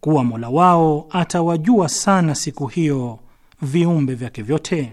kuwa Mola wao atawajua sana siku hiyo viumbe vyake vyote.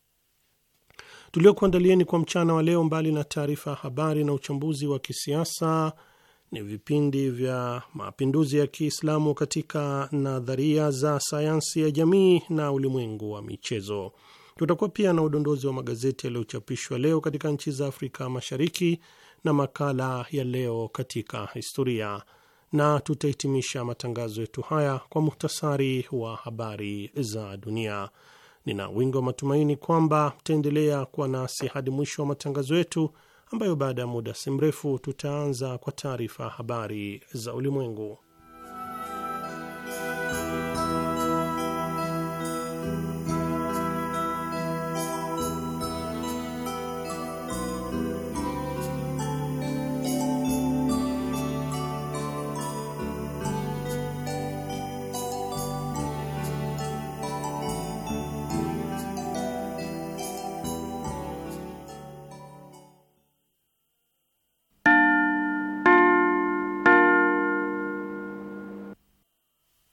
tuliokuandalieni kwa mchana wa leo, mbali na taarifa ya habari na uchambuzi wa kisiasa, ni vipindi vya mapinduzi ya Kiislamu katika nadharia za sayansi ya jamii na ulimwengu wa michezo. Tutakuwa pia na udondozi wa magazeti yaliyochapishwa leo katika nchi za Afrika Mashariki na makala ya leo katika historia, na tutahitimisha matangazo yetu haya kwa muhtasari wa habari za dunia. Nina wingi wa matumaini kwamba mtaendelea kuwa nasi hadi mwisho wa matangazo yetu, ambayo baada ya muda si mrefu tutaanza kwa taarifa habari za ulimwengu.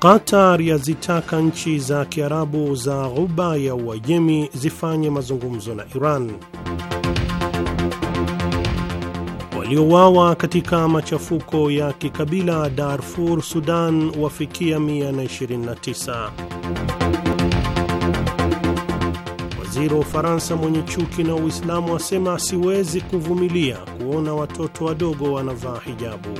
Qatar yazitaka nchi za Kiarabu za Ghuba ya Uajemi zifanye mazungumzo na Iran. Waliouawa katika machafuko ya kikabila Darfur, Sudan wafikia 129. Waziri wa Ufaransa mwenye chuki na Uislamu asema siwezi kuvumilia kuona watoto wadogo wanavaa hijabu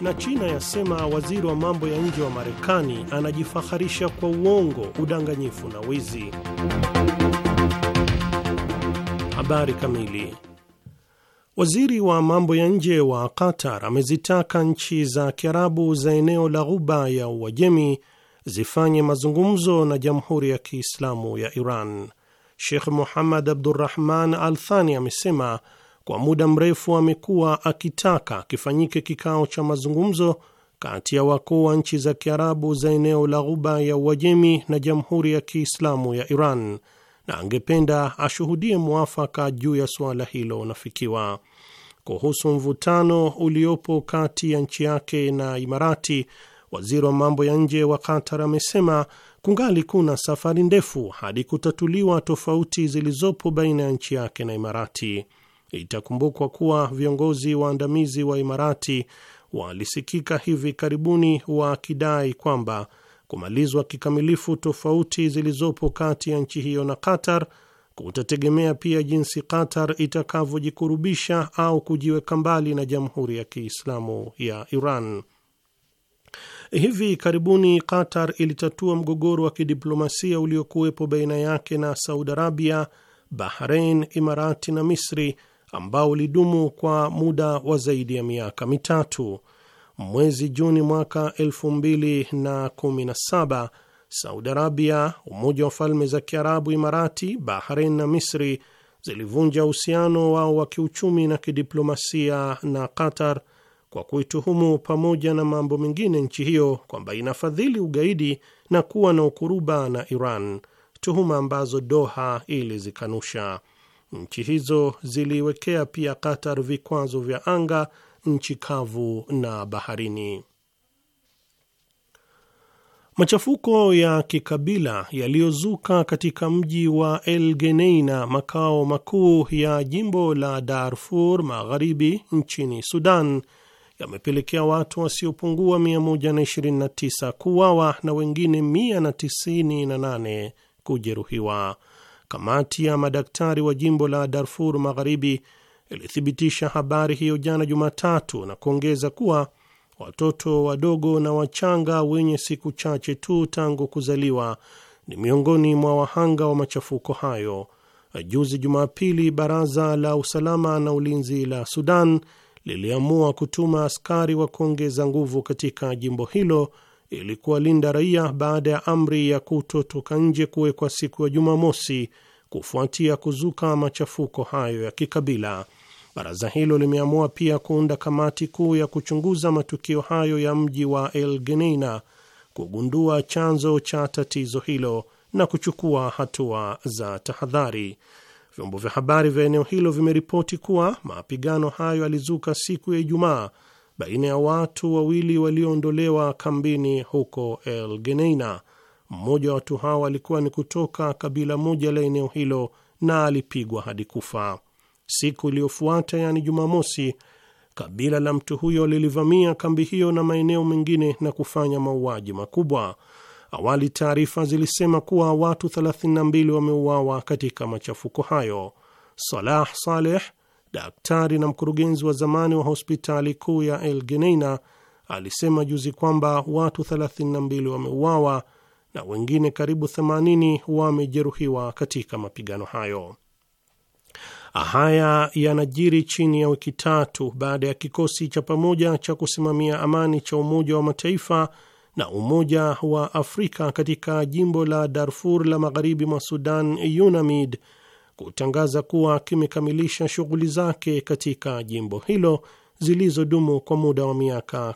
na China yasema waziri wa mambo ya nje wa Marekani anajifaharisha kwa uongo, udanganyifu na wizi. Habari kamili. Waziri wa mambo ya nje wa Qatar amezitaka nchi za Kiarabu za eneo la Ghuba ya Uajemi zifanye mazungumzo na Jamhuri ya Kiislamu ya Iran. Sheikh Muhammad Abdurrahman Al Thani amesema kwa muda mrefu amekuwa akitaka kifanyike kikao cha mazungumzo kati ya wakuu wa nchi za Kiarabu za eneo la Ghuba ya Uajemi na Jamhuri ya Kiislamu ya Iran na angependa ashuhudie mwafaka juu ya suala hilo unafikiwa. Kuhusu mvutano uliopo kati ya nchi yake na Imarati, waziri wa mambo ya nje wa Qatar amesema kungali kuna safari ndefu hadi kutatuliwa tofauti zilizopo baina ya nchi yake na Imarati. Itakumbukwa kuwa viongozi waandamizi wa Imarati walisikika hivi karibuni wakidai kwamba kumalizwa kikamilifu tofauti zilizopo kati ya nchi hiyo na Qatar kutategemea pia jinsi Qatar itakavyojikurubisha au kujiweka mbali na Jamhuri ya Kiislamu ya Iran. Hivi karibuni Qatar ilitatua mgogoro wa kidiplomasia uliokuwepo baina yake na Saudi Arabia, Bahrain, Imarati na Misri ambao ulidumu kwa muda wa zaidi ya miaka mitatu. Mwezi Juni mwaka 2017 Saudi Arabia, Umoja wa Falme za Kiarabu, Imarati, Bahrain na Misri zilivunja uhusiano wao wa kiuchumi na kidiplomasia na Qatar kwa kuituhumu pamoja na mambo mengine nchi hiyo kwamba inafadhili ugaidi na kuwa na ukuruba na Iran, tuhuma ambazo Doha ilizikanusha. Nchi hizo ziliiwekea pia Qatar vikwazo vya anga, nchi kavu na baharini. Machafuko ya kikabila yaliyozuka katika mji wa El Geneina, makao makuu ya jimbo la Darfur Magharibi nchini Sudan, yamepelekea watu wasiopungua 129 kuuawa na wengine 198 kujeruhiwa. Kamati ya madaktari wa jimbo la Darfur Magharibi ilithibitisha habari hiyo jana Jumatatu na kuongeza kuwa watoto wadogo na wachanga wenye siku chache tu tangu kuzaliwa ni miongoni mwa wahanga wa machafuko hayo. Juzi Jumapili, baraza la usalama na ulinzi la Sudan liliamua kutuma askari wa kuongeza nguvu katika jimbo hilo ili kuwalinda raia baada ya amri ya kutotoka nje kuwekwa siku ya Jumamosi kufuatia kuzuka machafuko hayo ya kikabila. Baraza hilo limeamua pia kuunda kamati kuu ya kuchunguza matukio hayo ya mji wa El Geneina kugundua chanzo cha tatizo hilo na kuchukua hatua za tahadhari. Vyombo vya habari vya eneo hilo vimeripoti kuwa mapigano hayo yalizuka siku ya Ijumaa baina ya watu wawili walioondolewa kambini huko El Geneina. Mmoja wa watu hao alikuwa ni kutoka kabila moja la eneo hilo na alipigwa hadi kufa. Siku iliyofuata, yaani Jumamosi, kabila la mtu huyo lilivamia kambi hiyo na maeneo mengine na kufanya mauaji makubwa. Awali taarifa zilisema kuwa watu 32 wameuawa katika machafuko hayo. Salah Saleh daktari na mkurugenzi wa zamani wa hospitali kuu ya El Geneina alisema juzi kwamba watu 32 wameuawa na wengine karibu 80 wamejeruhiwa katika mapigano hayo. Haya yanajiri chini ya wiki tatu baada ya kikosi cha pamoja cha kusimamia amani cha Umoja wa Mataifa na Umoja wa Afrika katika jimbo la Darfur la magharibi mwa Sudan, UNAMID, kutangaza kuwa kimekamilisha shughuli zake katika jimbo hilo zilizodumu kwa muda wa miaka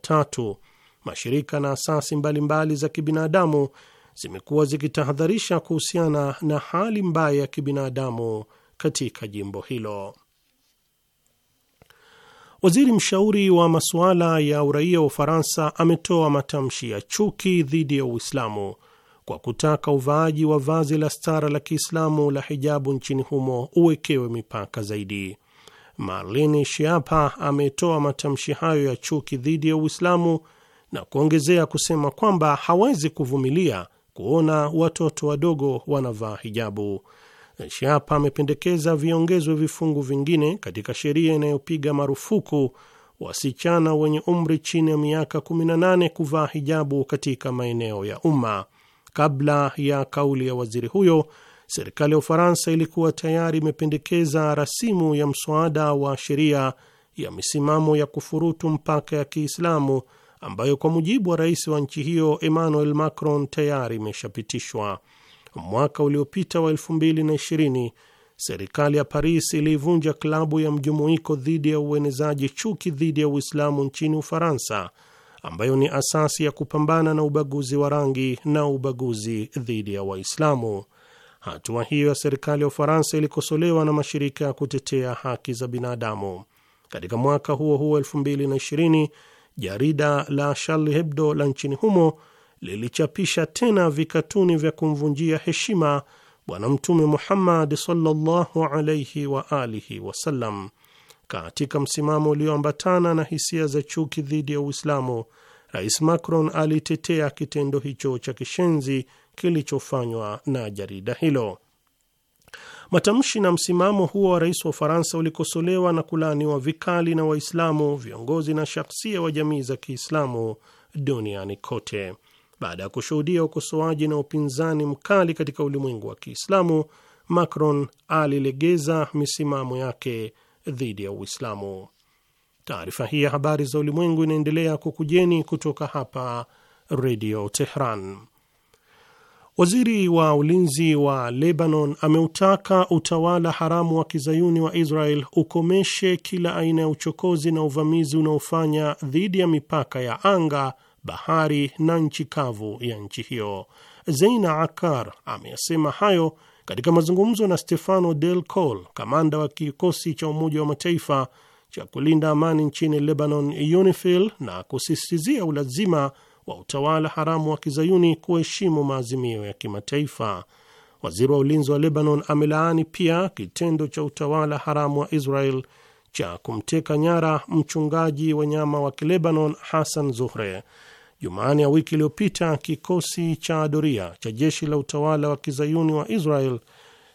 tatu. Mashirika na asasi mbalimbali mbali za kibinadamu zimekuwa zikitahadharisha kuhusiana na hali mbaya ya kibinadamu katika jimbo hilo. Waziri mshauri wa masuala ya uraia wa Ufaransa ametoa matamshi ya chuki dhidi ya Uislamu kwa kutaka uvaaji wa vazi la stara la Kiislamu la hijabu nchini humo uwekewe mipaka zaidi. Marlin Shiapa ametoa matamshi hayo ya chuki dhidi ya Uislamu na kuongezea kusema kwamba hawezi kuvumilia kuona watoto wadogo wanavaa hijabu. Shiapa amependekeza viongezwe vifungu vingine katika sheria inayopiga marufuku wasichana wenye umri chini ya miaka 18 kuvaa hijabu katika maeneo ya umma. Kabla ya kauli ya waziri huyo, serikali ya Ufaransa ilikuwa tayari imependekeza rasimu ya mswada wa sheria ya misimamo ya kufurutu mpaka ya Kiislamu ambayo kwa mujibu wa rais wa nchi hiyo Emmanuel Macron tayari imeshapitishwa. Mwaka uliopita wa 2020 serikali ya Paris iliivunja klabu ya mjumuiko dhidi ya uenezaji chuki dhidi ya Uislamu nchini Ufaransa ambayo ni asasi ya kupambana na ubaguzi wa rangi na ubaguzi dhidi ya Waislamu. Hatua hiyo ya serikali ya Ufaransa ilikosolewa na mashirika ya kutetea haki za binadamu. Katika mwaka huo huo 2020 jarida la Charlie Hebdo la nchini humo lilichapisha tena vikatuni vya kumvunjia heshima Bwana Mtume Muhammad sallallahu alaihi wa alihi wasallam. Katika msimamo ulioambatana na hisia za chuki dhidi ya Uislamu, Rais Macron alitetea kitendo hicho cha kishenzi kilichofanywa na jarida hilo. Matamshi na msimamo huo wa rais wa Ufaransa ulikosolewa na kulaaniwa vikali na Waislamu, viongozi na shaksia wa jamii za Kiislamu duniani kote. Baada ya kushuhudia ukosoaji na upinzani mkali katika ulimwengu wa Kiislamu, Macron alilegeza misimamo yake dhidi ya Uislamu. Taarifa hii ya habari za ulimwengu inaendelea kukujeni kutoka hapa Redio Tehran. Waziri wa ulinzi wa Lebanon ameutaka utawala haramu wa kizayuni wa Israel ukomeshe kila aina ya uchokozi na uvamizi unaofanya dhidi ya mipaka ya anga, bahari na nchi kavu ya nchi hiyo. Zeina Akar ameyasema hayo katika mazungumzo na Stefano Del Col, kamanda wa kikosi cha Umoja wa Mataifa cha kulinda amani nchini Lebanon, UNIFIL, na kusisitizia ulazima wa utawala haramu wa kizayuni kuheshimu maazimio ya kimataifa. Waziri wa ulinzi wa Lebanon amelaani pia kitendo cha utawala haramu wa Israel cha kumteka nyara mchungaji wanyama wa Kilebanon Hassan Zuhre Jumanne ya wiki iliyopita kikosi cha doria cha jeshi la utawala wa kizayuni wa Israel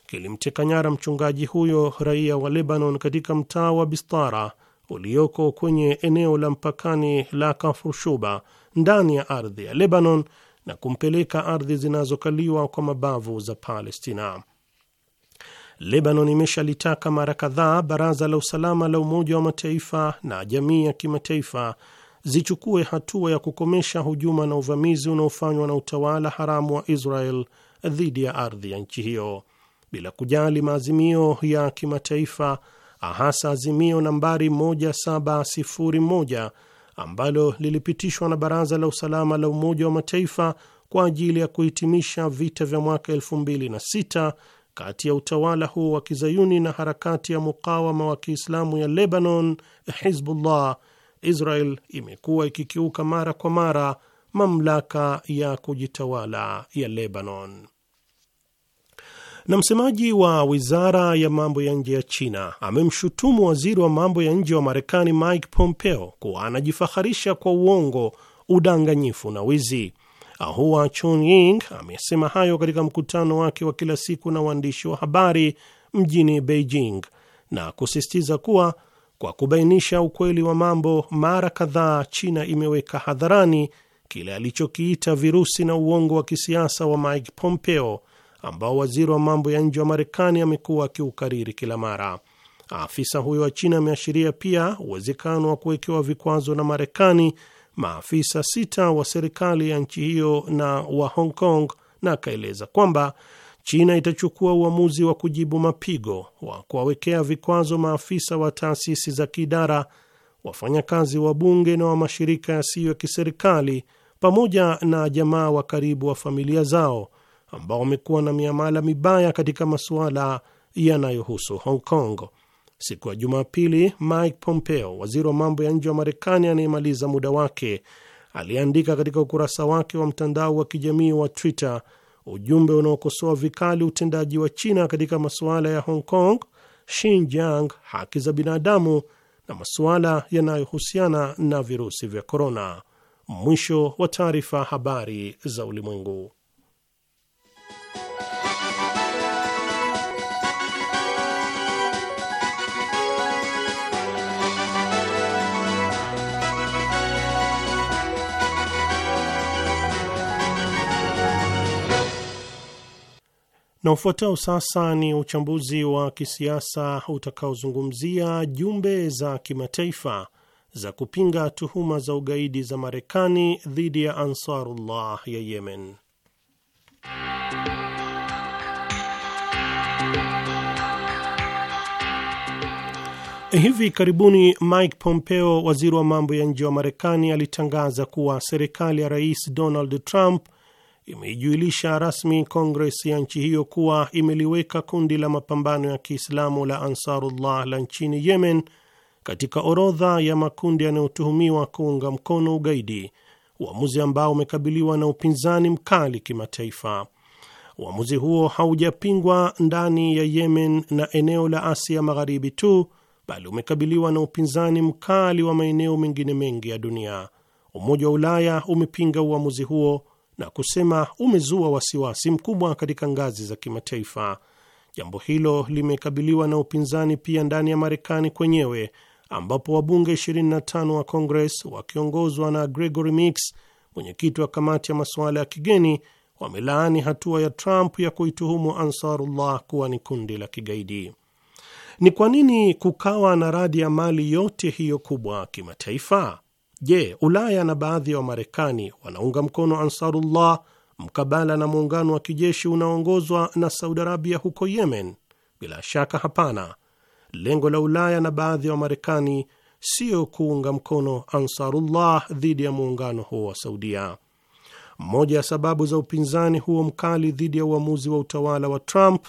kilimteka nyara mchungaji huyo raia wa Lebanon katika mtaa wa Bistara ulioko kwenye eneo la mpakani la Kafushuba ndani ya ardhi ya Lebanon na kumpeleka ardhi zinazokaliwa kwa mabavu za Palestina. Lebanon imeshalitaka mara kadhaa baraza la usalama la Umoja wa Mataifa na jamii ya kimataifa zichukue hatua ya kukomesha hujuma na uvamizi unaofanywa na utawala haramu wa Israel dhidi ya ardhi ya nchi hiyo bila kujali maazimio ya kimataifa, hasa azimio nambari 1701 ambalo lilipitishwa na Baraza la Usalama la Umoja wa Mataifa kwa ajili ya kuhitimisha vita vya mwaka 2006 kati ya utawala huo wa kizayuni na harakati ya mukawama wa Kiislamu ya Lebanon, Hizbullah Israel imekuwa ikikiuka mara kwa mara mamlaka ya kujitawala ya Lebanon. Na msemaji wa wizara ya mambo ya nje ya China amemshutumu waziri wa mambo ya nje wa Marekani Mike Pompeo kuwa anajifaharisha kwa uongo, udanganyifu na wizi. Ahua Chunying amesema hayo katika mkutano wake wa kila siku na waandishi wa habari mjini Beijing na kusisitiza kuwa kwa kubainisha ukweli wa mambo, mara kadhaa China imeweka hadharani kile alichokiita virusi na uongo wa kisiasa wa Mike Pompeo ambao waziri wa mambo ya nje wa Marekani amekuwa akiukariri kila mara. Afisa huyo wa China ameashiria pia uwezekano wa kuwekewa vikwazo na Marekani maafisa sita wa serikali ya nchi hiyo na wa Hong Kong, na akaeleza kwamba China itachukua uamuzi wa kujibu mapigo wa kuwawekea vikwazo maafisa wa taasisi za kiidara, wafanyakazi wa bunge na wa mashirika yasiyo ya kiserikali, pamoja na jamaa wa karibu wa familia zao ambao wamekuwa na miamala mibaya katika masuala yanayohusu Hong Kong. Siku ya Jumapili, Mike Pompeo, waziri wa mambo ya nje wa Marekani anayemaliza muda wake, aliandika katika ukurasa wake wa mtandao wa kijamii wa Twitter ujumbe unaokosoa vikali utendaji wa China katika masuala ya Hong Kong, Xinjiang, haki za binadamu na masuala yanayohusiana na virusi vya korona. Mwisho wa taarifa. Habari za Ulimwengu. Na ufuatao sasa ni uchambuzi wa kisiasa utakaozungumzia jumbe za kimataifa za kupinga tuhuma za ugaidi za Marekani dhidi ya Ansarullah ya Yemen. Hivi karibuni Mike Pompeo, waziri wa mambo ya nje wa Marekani, alitangaza kuwa serikali ya Rais Donald Trump imeijulisha rasmi Kongres ya nchi hiyo kuwa imeliweka kundi la mapambano ya Kiislamu la Ansarullah la nchini Yemen katika orodha ya makundi yanayotuhumiwa kuunga mkono ugaidi, uamuzi ambao umekabiliwa na upinzani mkali kimataifa. Uamuzi huo haujapingwa ndani ya Yemen na eneo la Asia Magharibi tu, bali umekabiliwa na upinzani mkali wa maeneo mengine mengi ya dunia. Umoja wa Ulaya umepinga uamuzi huo na kusema umezua wasiwasi mkubwa katika ngazi za kimataifa. Jambo hilo limekabiliwa na upinzani pia ndani ya Marekani kwenyewe ambapo wabunge 25 wa Congress wakiongozwa na Gregory Mix, mwenyekiti wa kamati ya masuala ya kigeni, wamelaani hatua ya Trump ya kuituhumu Ansarullah kuwa ni kundi la kigaidi. Ni kwa nini kukawa na radi ya mali yote hiyo kubwa kimataifa? Je, Ulaya na baadhi ya wa Wamarekani wanaunga mkono Ansarullah mkabala na muungano wa kijeshi unaoongozwa na Saudi Arabia huko Yemen? Bila shaka hapana. Lengo la Ulaya na baadhi ya wa Wamarekani sio kuunga mkono Ansarullah dhidi ya muungano huo wa Saudia. Moja ya sababu za upinzani huo mkali dhidi ya uamuzi wa utawala wa Trump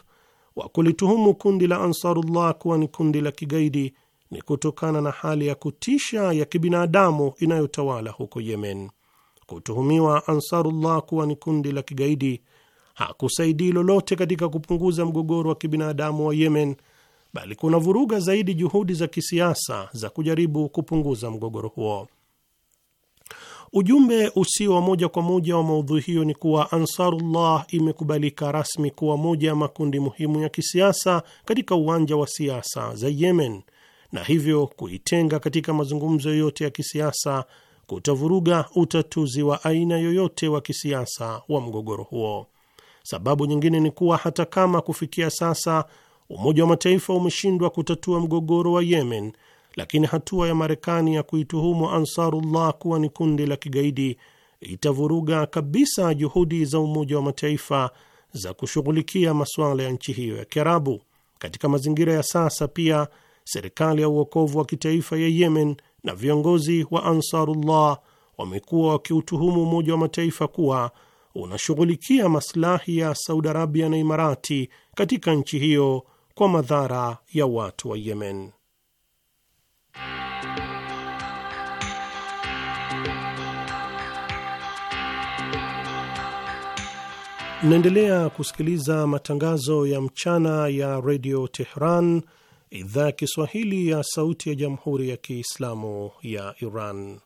wa kulituhumu kundi la Ansarullah kuwa ni kundi la kigaidi ni kutokana na hali ya kutisha ya kibinadamu inayotawala huko Yemen. Kutuhumiwa Ansarullah kuwa ni kundi la kigaidi hakusaidii lolote katika kupunguza mgogoro wa kibinadamu wa Yemen, bali kuna vuruga zaidi juhudi za kisiasa za kujaribu kupunguza mgogoro huo. Ujumbe usio wa moja kwa moja wa maudhui hiyo ni kuwa Ansarullah imekubalika rasmi kuwa moja ya makundi muhimu ya kisiasa katika uwanja wa siasa za Yemen na hivyo kuitenga katika mazungumzo yoyote ya kisiasa kutavuruga utatuzi wa aina yoyote wa kisiasa wa mgogoro huo. Sababu nyingine ni kuwa hata kama kufikia sasa Umoja wa Mataifa umeshindwa kutatua mgogoro wa Yemen, lakini hatua ya Marekani ya kuituhumu Ansarullah kuwa ni kundi la kigaidi itavuruga kabisa juhudi za Umoja wa Mataifa za kushughulikia masuala ya nchi hiyo ya Kiarabu. Katika mazingira ya sasa pia serikali ya uokovu wa kitaifa ya Yemen na viongozi wa Ansarullah wamekuwa wakiutuhumu Umoja wa Mataifa kuwa unashughulikia maslahi ya Saudi Arabia na Imarati katika nchi hiyo kwa madhara ya watu wa Yemen. Mnaendelea kusikiliza matangazo ya mchana ya redio Tehran, idhaa ya Kiswahili ya Sauti ya Jamhuri ya Kiislamu ya Iran.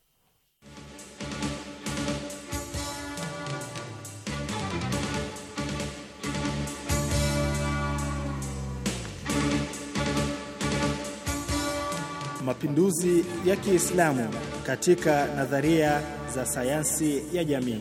Mapinduzi ya Kiislamu katika nadharia za sayansi ya jamii.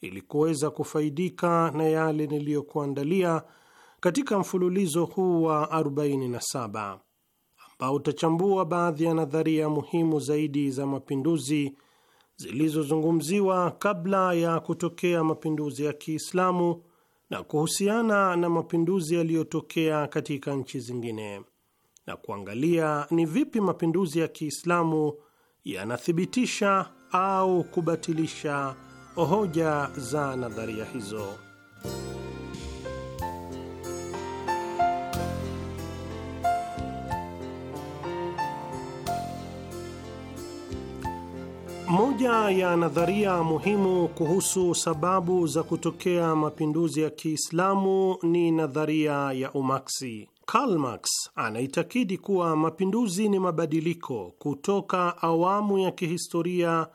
ili kuweza kufaidika na yale niliyokuandalia katika mfululizo huu wa 47 ambao utachambua baadhi ya nadharia muhimu zaidi za mapinduzi zilizozungumziwa kabla ya kutokea mapinduzi ya Kiislamu na kuhusiana na mapinduzi yaliyotokea katika nchi zingine na kuangalia ni vipi mapinduzi ya Kiislamu yanathibitisha au kubatilisha hoja za nadharia hizo. Moja ya nadharia muhimu kuhusu sababu za kutokea mapinduzi ya Kiislamu ni nadharia ya umaksi. Karl Marx anaitakidi kuwa mapinduzi ni mabadiliko kutoka awamu ya kihistoria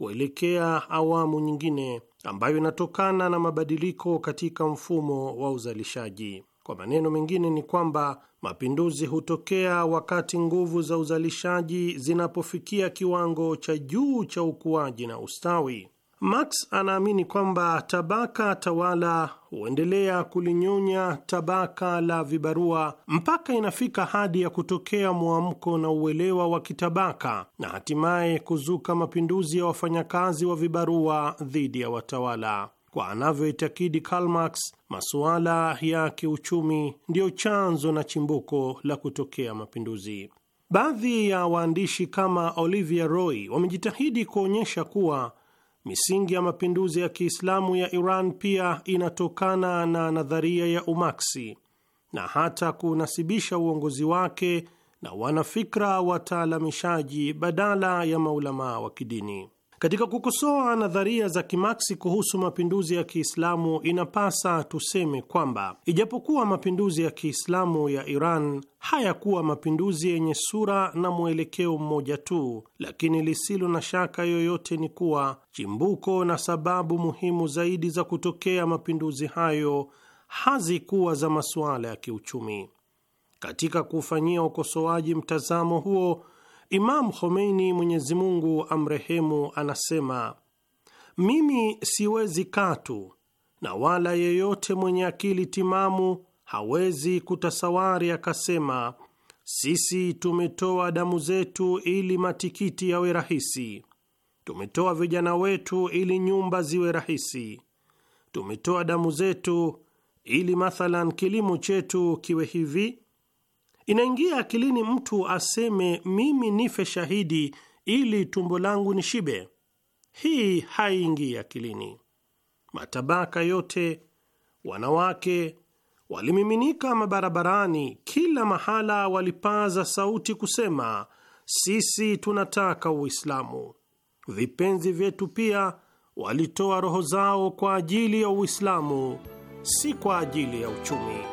kuelekea awamu nyingine ambayo inatokana na mabadiliko katika mfumo wa uzalishaji. Kwa maneno mengine ni kwamba mapinduzi hutokea wakati nguvu za uzalishaji zinapofikia kiwango cha juu cha ukuaji na ustawi. Marx anaamini kwamba tabaka tawala huendelea kulinyonya tabaka la vibarua mpaka inafika hadi ya kutokea mwamko na uelewa wa kitabaka na hatimaye kuzuka mapinduzi ya wafanyakazi wa vibarua dhidi ya watawala. Kwa anavyoitakidi Karl Marx, masuala ya kiuchumi ndiyo chanzo na chimbuko la kutokea mapinduzi. Baadhi ya waandishi kama Olivia Roy wamejitahidi kuonyesha kuwa Misingi ya mapinduzi ya Kiislamu ya Iran pia inatokana na nadharia ya Umaksi na hata kunasibisha uongozi wake na wanafikra wataalamishaji badala ya maulamaa wa kidini. Katika kukosoa nadharia za Kimaksi kuhusu mapinduzi ya Kiislamu, inapasa tuseme kwamba ijapokuwa mapinduzi ya Kiislamu ya Iran hayakuwa mapinduzi yenye sura na mwelekeo mmoja tu, lakini lisilo na shaka yoyote ni kuwa chimbuko na sababu muhimu zaidi za kutokea mapinduzi hayo hazikuwa za masuala ya kiuchumi. Katika kuufanyia ukosoaji mtazamo huo Imam Khomeini, Mwenyezi Mungu amrehemu, anasema mimi siwezi katu na wala yeyote mwenye akili timamu hawezi kutasawari akasema sisi tumetoa damu zetu ili matikiti yawe rahisi, tumetoa vijana wetu ili nyumba ziwe rahisi, tumetoa damu zetu ili mathalan kilimo chetu kiwe hivi Inaingia akilini mtu aseme mimi nife shahidi ili tumbo langu nishibe? Hii haiingii akilini. Matabaka yote, wanawake walimiminika mabarabarani, kila mahala walipaza sauti kusema sisi tunataka Uislamu. Vipenzi vyetu pia walitoa roho zao kwa ajili ya Uislamu, si kwa ajili ya uchumi.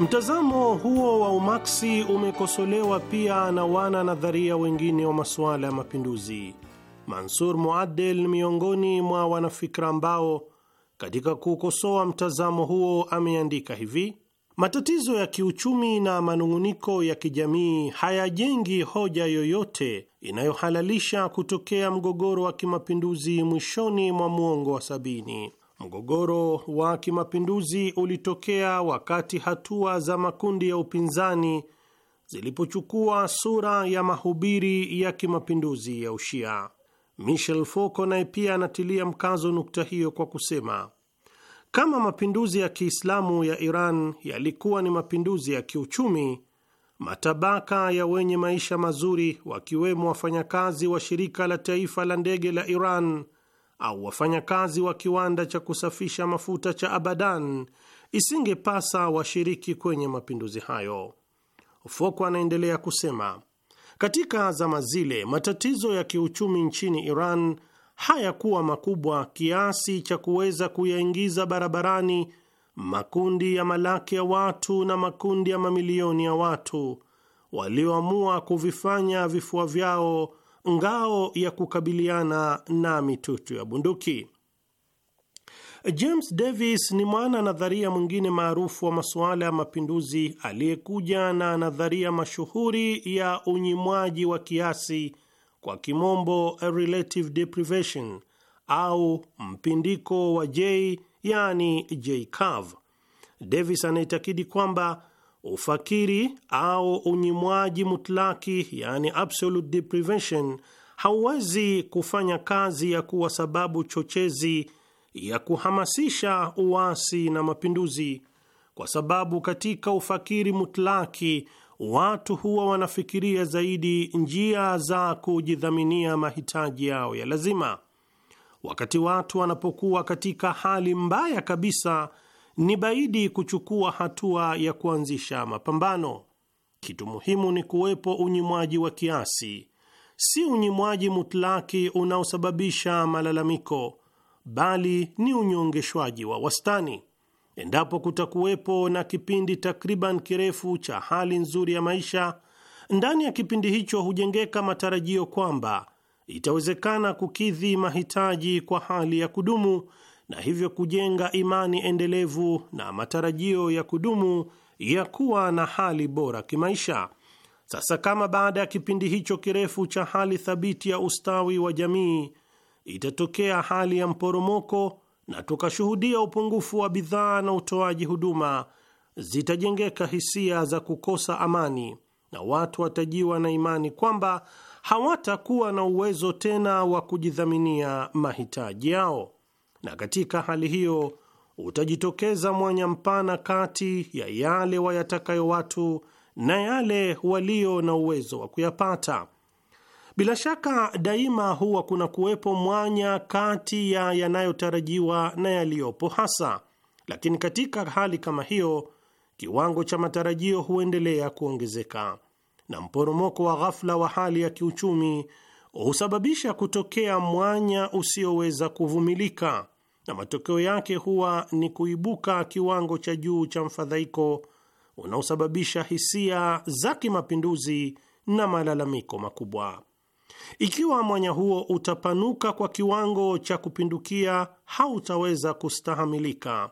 Mtazamo huo wa umaksi umekosolewa pia na wana nadharia wengine wa masuala ya mapinduzi. Mansur Muadel ni miongoni mwa wanafikra ambao katika kukosoa mtazamo huo ameandika hivi: matatizo ya kiuchumi na manung'uniko ya kijamii hayajengi hoja yoyote inayohalalisha kutokea mgogoro wa kimapinduzi mwishoni mwa muongo wa sabini. Mgogoro wa kimapinduzi ulitokea wakati hatua za makundi ya upinzani zilipochukua sura ya mahubiri ya kimapinduzi ya Ushia. Michel Foucault naye pia anatilia mkazo nukta hiyo kwa kusema, kama mapinduzi ya Kiislamu ya Iran yalikuwa ni mapinduzi ya kiuchumi, matabaka ya wenye maisha mazuri, wakiwemo wafanyakazi wa shirika la taifa la ndege la Iran au wafanyakazi wa kiwanda cha kusafisha mafuta cha Abadan, isingepasa washiriki kwenye mapinduzi hayo. Foko anaendelea kusema, katika zama zile matatizo ya kiuchumi nchini Iran hayakuwa makubwa kiasi cha kuweza kuyaingiza barabarani makundi ya malaki ya watu na makundi ya mamilioni ya watu walioamua kuvifanya vifua vyao ngao ya kukabiliana na mitutu ya bunduki. James Davis ni mwana nadharia mwingine maarufu wa masuala ya mapinduzi aliyekuja na nadharia mashuhuri ya unyimwaji wa kiasi, kwa kimombo relative deprivation, au mpindiko wa J, yani J curve. Davis anaitakidi kwamba ufakiri au unyimwaji mutlaki, yani absolute deprivation, hauwezi kufanya kazi ya kuwa sababu chochezi ya kuhamasisha uasi na mapinduzi, kwa sababu katika ufakiri mutlaki watu huwa wanafikiria zaidi njia za kujidhaminia mahitaji yao ya lazima. Wakati watu wanapokuwa katika hali mbaya kabisa ni baidi kuchukua hatua ya kuanzisha mapambano. Kitu muhimu ni kuwepo unyimwaji wa kiasi, si unyimwaji mutlaki unaosababisha malalamiko, bali ni unyongeshwaji wa wastani. Endapo kutakuwepo na kipindi takriban kirefu cha hali nzuri ya maisha, ndani ya kipindi hicho hujengeka matarajio kwamba itawezekana kukidhi mahitaji kwa hali ya kudumu na hivyo kujenga imani endelevu na matarajio ya kudumu ya kuwa na hali bora kimaisha. Sasa kama baada ya kipindi hicho kirefu cha hali thabiti ya ustawi wa jamii itatokea hali ya mporomoko na tukashuhudia upungufu wa bidhaa na utoaji huduma, zitajengeka hisia za kukosa amani na watu watajiwa na imani kwamba hawatakuwa na uwezo tena wa kujidhaminia mahitaji yao na katika hali hiyo utajitokeza mwanya mpana kati ya yale wayatakayo watu na yale walio na uwezo wa kuyapata. Bila shaka daima huwa kuna kuwepo mwanya kati ya yanayotarajiwa na yaliyopo hasa, lakini katika hali kama hiyo kiwango cha matarajio huendelea kuongezeka na mporomoko wa ghafla wa hali ya kiuchumi husababisha kutokea mwanya usioweza kuvumilika na matokeo yake huwa ni kuibuka kiwango cha juu cha mfadhaiko unaosababisha hisia za kimapinduzi na malalamiko makubwa. Ikiwa mwanya huo utapanuka kwa kiwango cha kupindukia, hautaweza kustahamilika,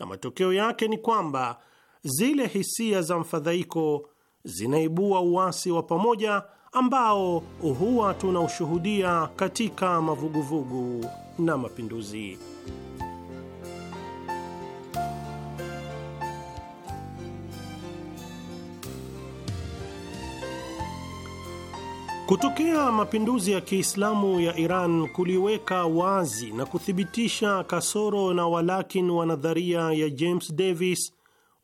na matokeo yake ni kwamba zile hisia za mfadhaiko zinaibua uasi wa pamoja ambao huwa tunaushuhudia katika mavuguvugu na mapinduzi. Kutokea mapinduzi ya Kiislamu ya Iran kuliweka wazi na kuthibitisha kasoro na walakin wa nadharia ya James Davis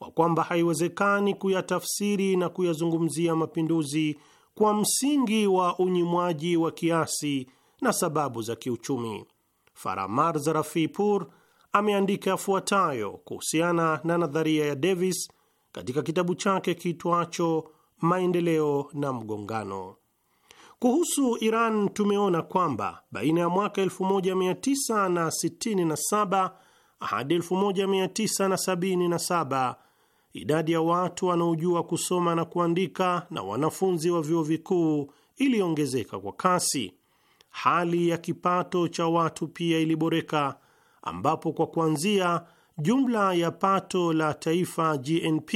wa kwamba haiwezekani kuyatafsiri na kuyazungumzia mapinduzi kwa msingi wa unyimwaji wa kiasi na sababu za kiuchumi. zarafi Rafipour ameandika yafuatayo kuhusiana na nadharia ya Davis katika kitabu chake kiitwacho Maendeleo na Mgongano. Kuhusu Iran tumeona kwamba baina ya mwaka 1967 hadi 1977 idadi ya watu wanaojua kusoma na kuandika na wanafunzi wa vyuo vikuu iliongezeka kwa kasi. Hali ya kipato cha watu pia iliboreka, ambapo kwa kuanzia jumla ya pato la taifa GNP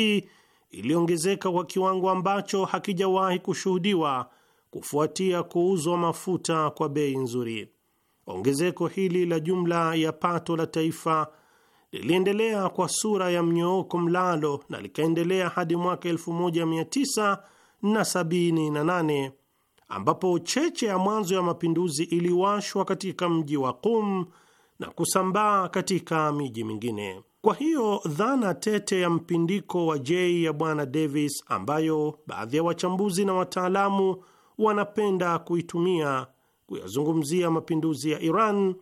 iliongezeka kwa kiwango ambacho hakijawahi kushuhudiwa kufuatia kuuzwa mafuta kwa bei nzuri. Ongezeko hili la jumla ya pato la taifa liliendelea kwa sura ya mnyooko mlalo na likaendelea hadi mwaka 1978 ambapo cheche ya mwanzo ya mapinduzi iliwashwa katika mji wa Qum na kusambaa katika miji mingine. Kwa hiyo dhana tete ya mpindiko wa jei ya Bwana Davis, ambayo baadhi ya wachambuzi na wataalamu wanapenda kuitumia kuyazungumzia mapinduzi ya Iran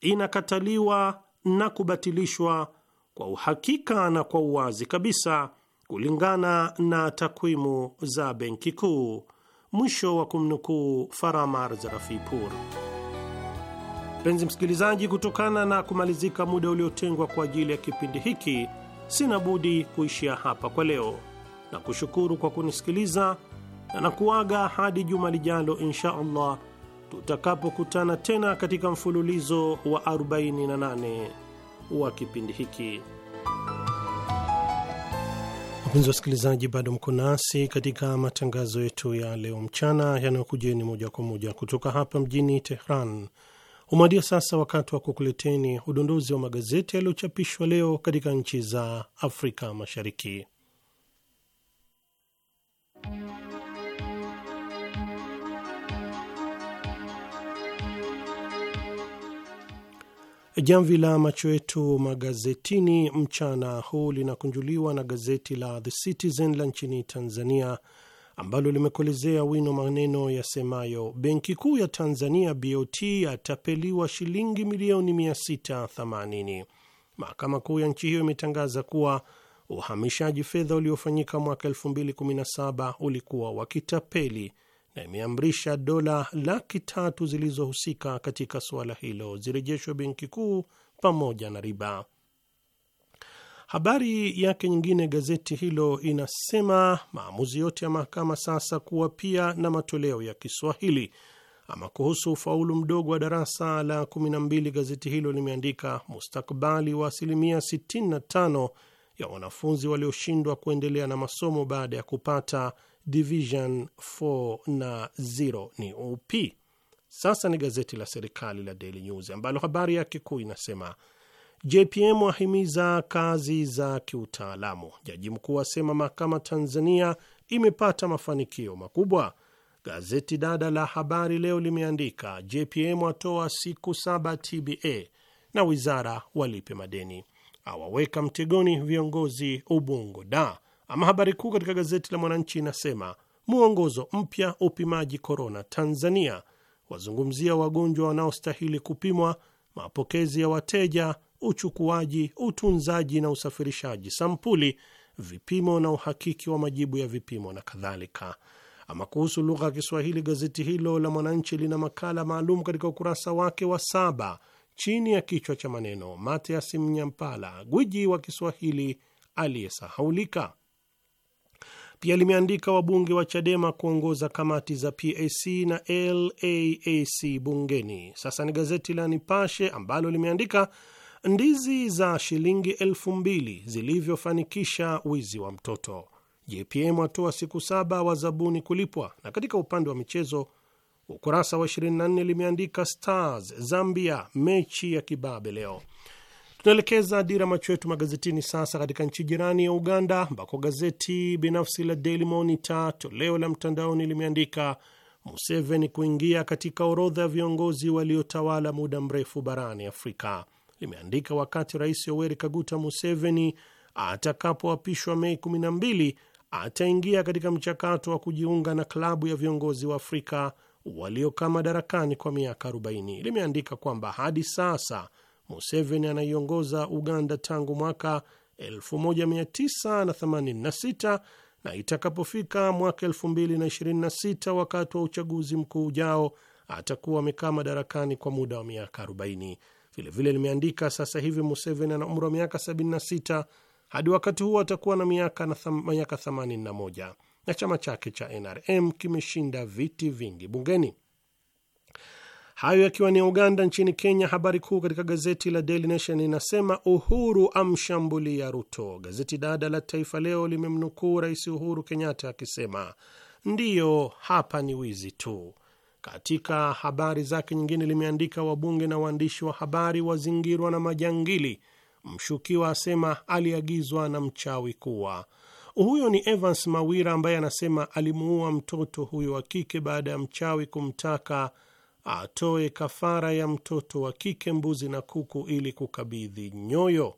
inakataliwa na kubatilishwa kwa uhakika na kwa uwazi kabisa kulingana na takwimu za benki kuu. Mwisho wa kumnukuu Faramar Zarafipur. Mpenzi msikilizaji, kutokana na kumalizika muda uliotengwa kwa ajili ya kipindi hiki, sina budi kuishia hapa kwa leo na kushukuru kwa kunisikiliza na nakuaga hadi juma lijalo, insha Allah tutakapokutana tena katika mfululizo wa 48 wa kipindi hiki. Wapenzi wasikilizaji, bado mko nasi katika matangazo yetu ya leo mchana yanayokujeni moja kwa moja kutoka hapa mjini Tehran. Umewadia sasa wakati wa kukuleteni udondozi wa magazeti yaliyochapishwa leo katika nchi za Afrika Mashariki. Jamvi la macho yetu magazetini mchana huu linakunjuliwa na gazeti la The Citizen la nchini Tanzania, ambalo limekolezea wino maneno yasemayo benki kuu ya Tanzania BOT atapeliwa shilingi milioni 680. Mahakama kuu ya nchi hiyo imetangaza kuwa uhamishaji fedha uliofanyika mwaka 2017 ulikuwa wa kitapeli na imeamrisha dola laki tatu zilizohusika katika suala hilo zirejeshwe benki kuu pamoja na riba. Habari yake nyingine, gazeti hilo inasema maamuzi yote ya mahakama sasa kuwa pia na matoleo ya Kiswahili. Ama kuhusu ufaulu mdogo wa darasa la 12 gazeti hilo limeandika mustakbali wa asilimia 65 ya wanafunzi walioshindwa kuendelea na masomo baada ya kupata Division 4 na 0 ni OP. Sasa ni gazeti la serikali la Daily News ambalo habari yake kuu inasema JPM ahimiza kazi za kiutaalamu. Jaji mkuu asema mahakama Tanzania imepata mafanikio makubwa. Gazeti dada la Habari Leo limeandika JPM atoa siku saba TBA na wizara walipe madeni, awaweka mtegoni viongozi Ubungo da ama habari kuu katika gazeti la Mwananchi inasema mwongozo mpya upimaji korona Tanzania, wazungumzia wagonjwa wanaostahili kupimwa, mapokezi ya wateja, uchukuaji, utunzaji na usafirishaji sampuli, vipimo na uhakiki wa majibu ya vipimo na kadhalika. Ama kuhusu lugha ya Kiswahili, gazeti hilo la Mwananchi lina makala maalum katika ukurasa wake wa saba chini ya kichwa cha maneno Matias Mnyampala, gwiji wa Kiswahili aliyesahaulika. Pia limeandika wabunge wa Chadema kuongoza kamati za PAC na LAAC bungeni. Sasa ni gazeti la Nipashe ambalo limeandika ndizi za shilingi elfu mbili zilivyofanikisha wizi wa mtoto, JPM atoa siku saba wa zabuni kulipwa. Na katika upande wa michezo ukurasa wa 24 limeandika Stars Zambia, mechi ya kibabe leo. Tunaelekeza dira macho yetu magazetini sasa katika nchi jirani ya Uganda, ambako gazeti binafsi la Daily Monitor toleo la mtandaoni limeandika Museveni kuingia katika orodha ya viongozi waliotawala muda mrefu barani Afrika. Limeandika wakati Rais Yoweri Kaguta Museveni atakapoapishwa Mei 12 ataingia katika mchakato wa kujiunga na klabu ya viongozi wa Afrika waliokaa madarakani kwa miaka 40. Limeandika kwamba hadi sasa Museveni anaiongoza Uganda tangu mwaka 1986 na itakapofika mwaka 2026 wakati wa uchaguzi mkuu ujao atakuwa amekaa madarakani kwa muda wa miaka 40. Vilevile limeandika sasa hivi Museveni ana umri wa miaka 76, hadi wakati huo atakuwa na miaka 81, na chama chake cha NRM kimeshinda viti vingi bungeni. Hayo yakiwa ni Uganda. Nchini Kenya, habari kuu katika gazeti la Daily Nation inasema Uhuru amshambulia Ruto. Gazeti dada la Taifa Leo limemnukuu Rais Uhuru Kenyatta akisema ndiyo, hapa ni wizi tu. Katika habari zake nyingine, limeandika wabunge na waandishi wa habari wazingirwa na majangili, mshukiwa asema aliagizwa na mchawi kuwa huyo ni Evans Mawira ambaye anasema alimuua mtoto huyo wa kike baada ya mchawi kumtaka atoe kafara ya mtoto wa kike, mbuzi na kuku, ili kukabidhi nyoyo.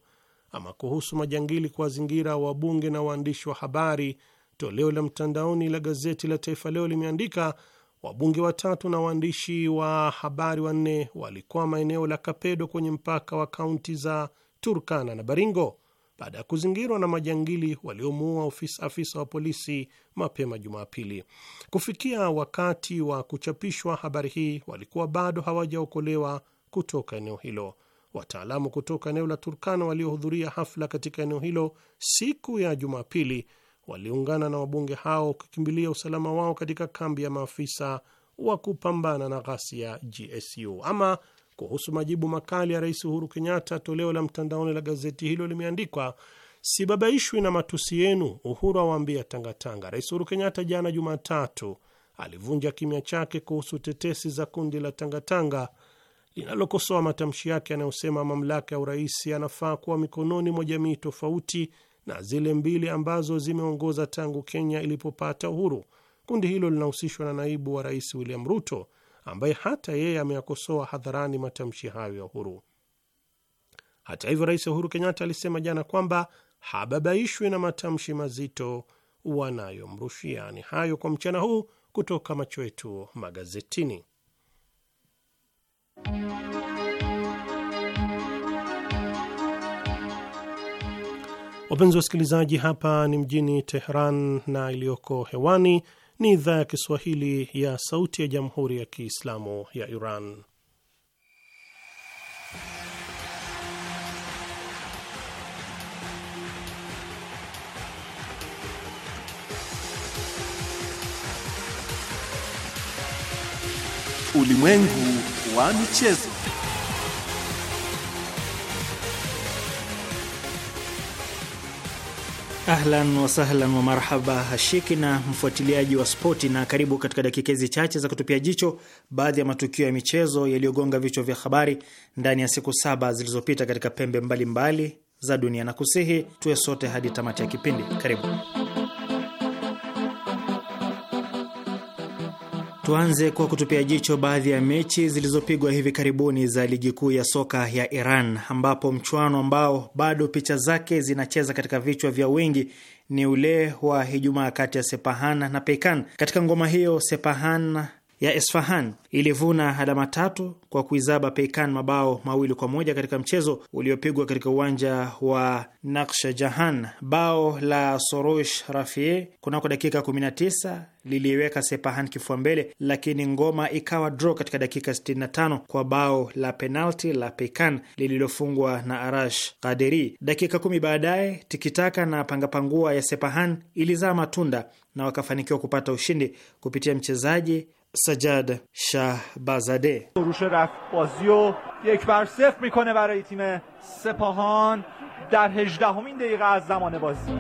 Ama kuhusu majangili kuwazingira wabunge na waandishi wa habari, toleo la mtandaoni la gazeti la Taifa Leo limeandika wabunge watatu na waandishi wa habari wanne walikwama eneo la Kapedo kwenye mpaka wa kaunti za Turkana na Baringo baada ya kuzingirwa na majangili waliomuua afisa wa polisi mapema Jumapili. Kufikia wakati wa kuchapishwa habari hii, walikuwa bado hawajaokolewa kutoka eneo hilo. Wataalamu kutoka eneo la Turkana waliohudhuria hafla katika eneo hilo siku ya Jumapili waliungana na wabunge hao kukimbilia usalama wao katika kambi ya maafisa wa kupambana na ghasia GSU. Ama kuhusu majibu makali ya Rais Uhuru Kenyatta, toleo la mtandaoni la gazeti hilo limeandikwa sibabaishwi na matusi yenu, Uhuru awaambia tangatanga. Rais Uhuru Kenyatta jana Jumatatu alivunja kimya chake kuhusu tetesi za kundi la tangatanga linalokosoa matamshi yake yanayosema mamlaka ya urais yanafaa kuwa mikononi mwa jamii tofauti na zile mbili ambazo zimeongoza tangu Kenya ilipopata uhuru. Kundi hilo linahusishwa na naibu wa rais William Ruto ambaye hata yeye ameyakosoa hadharani matamshi hayo ya Uhuru. Hata hivyo, Rais Uhuru Kenyatta alisema jana kwamba hababaishwi na matamshi mazito wanayomrushia. Ni hayo kwa mchana huu kutoka macho yetu magazetini. Wapenzi wa wasikilizaji, hapa ni mjini Teheran na iliyoko hewani ni idhaa ya Kiswahili ya Sauti ya Jamhuri ya Kiislamu ya Iran. Ulimwengu wa michezo. Ahlan wasahlan wa marhaba hashiki na mfuatiliaji wa spoti, na karibu katika dakika hizi chache za kutupia jicho baadhi ya matukio ya michezo yaliyogonga vichwa vya habari ndani ya siku saba zilizopita katika pembe mbalimbali mbali za dunia, na kusihi tuwe sote hadi tamati ya kipindi. Karibu. Tuanze kwa kutupia jicho baadhi ya mechi zilizopigwa hivi karibuni za ligi kuu ya soka ya Iran, ambapo mchuano ambao bado picha zake zinacheza katika vichwa vya wengi ni ule wa Ijumaa kati ya Sepahan na Peikan. Katika ngoma hiyo Sepahan ya Esfahan ilivuna alama tatu kwa kuizaba Peikan mabao mawili kwa moja katika mchezo uliopigwa katika uwanja wa Naksha Jahan. Bao la Sorosh Rafie kunako dakika 19 liliweka Sepahan kifua mbele, lakini ngoma ikawa draw katika dakika 65 kwa bao la penalti la Peikan lililofungwa na Arash Kaderi. Dakika kumi baadaye tikitaka na pangapangua ya Sepahan ilizaa matunda na wakafanikiwa kupata ushindi kupitia mchezaji سجاد شاه بازاده روش رفت بازی و یک بر صفر میکنه برای تیم سپاهان در همین دقیقه از زمان بازی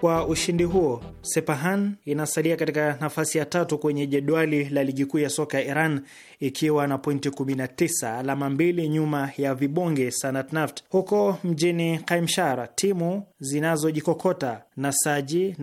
Kwa ushindi huo Sepahan inasalia katika nafasi ya tatu kwenye jedwali la ligi kuu ya soka ya Iran ikiwa na pointi 19, alama mbili nyuma ya vibonge Sanat Naft. Huko mjini Kaimshara, timu zinazojikokota Nasaji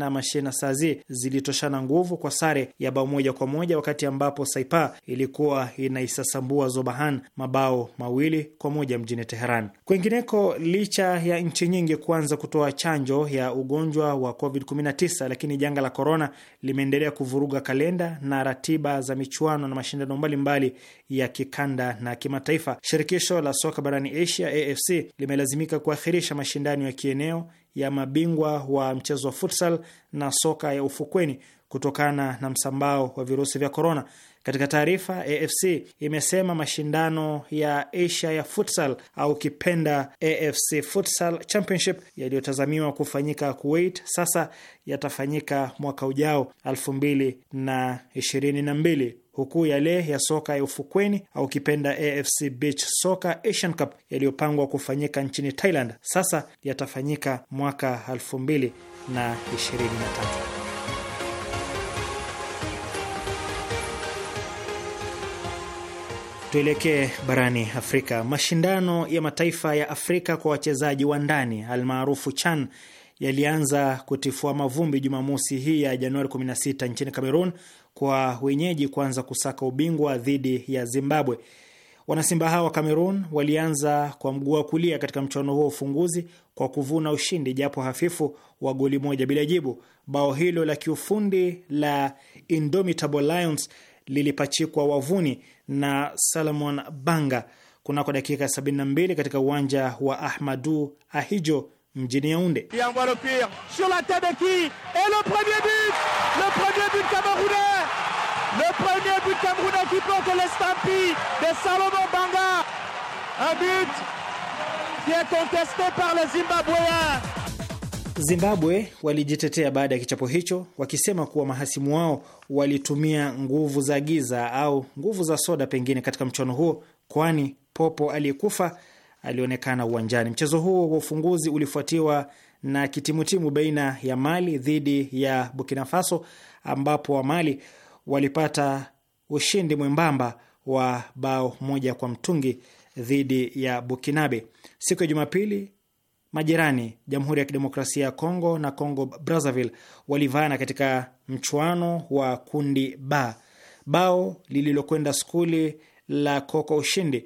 na sazi zilitoshana nguvu kwa sare ya bao moja kwa moja, wakati ambapo Saipa ilikuwa inaisasambua Zobahan mabao mawili kwa moja mjini Teheran. Kwengineko, licha ya nchi nyingi kuanza kutoa chanjo ya ugonjwa wa COVID-19, lakini janga la korona limeendelea kuvuruga kalenda na ratiba za michuano na mashindano mbalimbali ya kikanda na kimataifa. Shirikisho la soka barani Asia, AFC, limelazimika kuakhirisha mashindano ya kieneo ya mabingwa wa mchezo wa futsal na soka ya ufukweni kutokana na msambao wa virusi vya korona. Katika taarifa, AFC imesema mashindano ya Asia ya futsal au kipenda AFC Futsal Championship yaliyotazamiwa kufanyika Kuwait sasa yatafanyika mwaka ujao 2022 huku yale ya soka ya ufukweni au kipenda AFC Beach Soccer Asian Cup yaliyopangwa kufanyika nchini Thailand sasa yatafanyika mwaka 2023. Tuelekee barani Afrika. Mashindano ya mataifa ya Afrika kwa wachezaji wa ndani almaarufu CHAN yalianza kutifua mavumbi Jumamosi hii ya Januari 16 nchini Cameroon kwa wenyeji kuanza kusaka ubingwa dhidi ya Zimbabwe. Wanasimba hao wa Cameroon walianza kwa mguu wa kulia katika mchuano huo ufunguzi kwa kuvuna ushindi japo hafifu wa goli moja bila jibu. Bao hilo la kiufundi la Indomitable Lions lilipachikwa wavuni na Salomon Banga kunako dakika 72 katika uwanja wa Ahmadu Ahijo mjini Yaounde. Sur la tête de qui? Et le premier but! Le premier but camerounais! Le premier but camerounais qui porte de Salomon Banga! Un but qui est contesté par les Zimbabwe walijitetea baada ya kichapo hicho wakisema kuwa mahasimu wao walitumia nguvu za giza au nguvu za soda pengine katika mchuano huo, kwani popo aliyekufa alionekana uwanjani. Mchezo huo wa ufunguzi ulifuatiwa na kitimutimu baina ya Mali dhidi ya Burkina Faso, ambapo wa Mali walipata ushindi mwembamba wa bao moja kwa mtungi dhidi ya Bukinabe. Siku ya Jumapili, majirani Jamhuri ya Kidemokrasia ya Kongo na congo Brazzaville walivana katika mchuano wa kundi ba bao lililokwenda skuli la Koko ushindi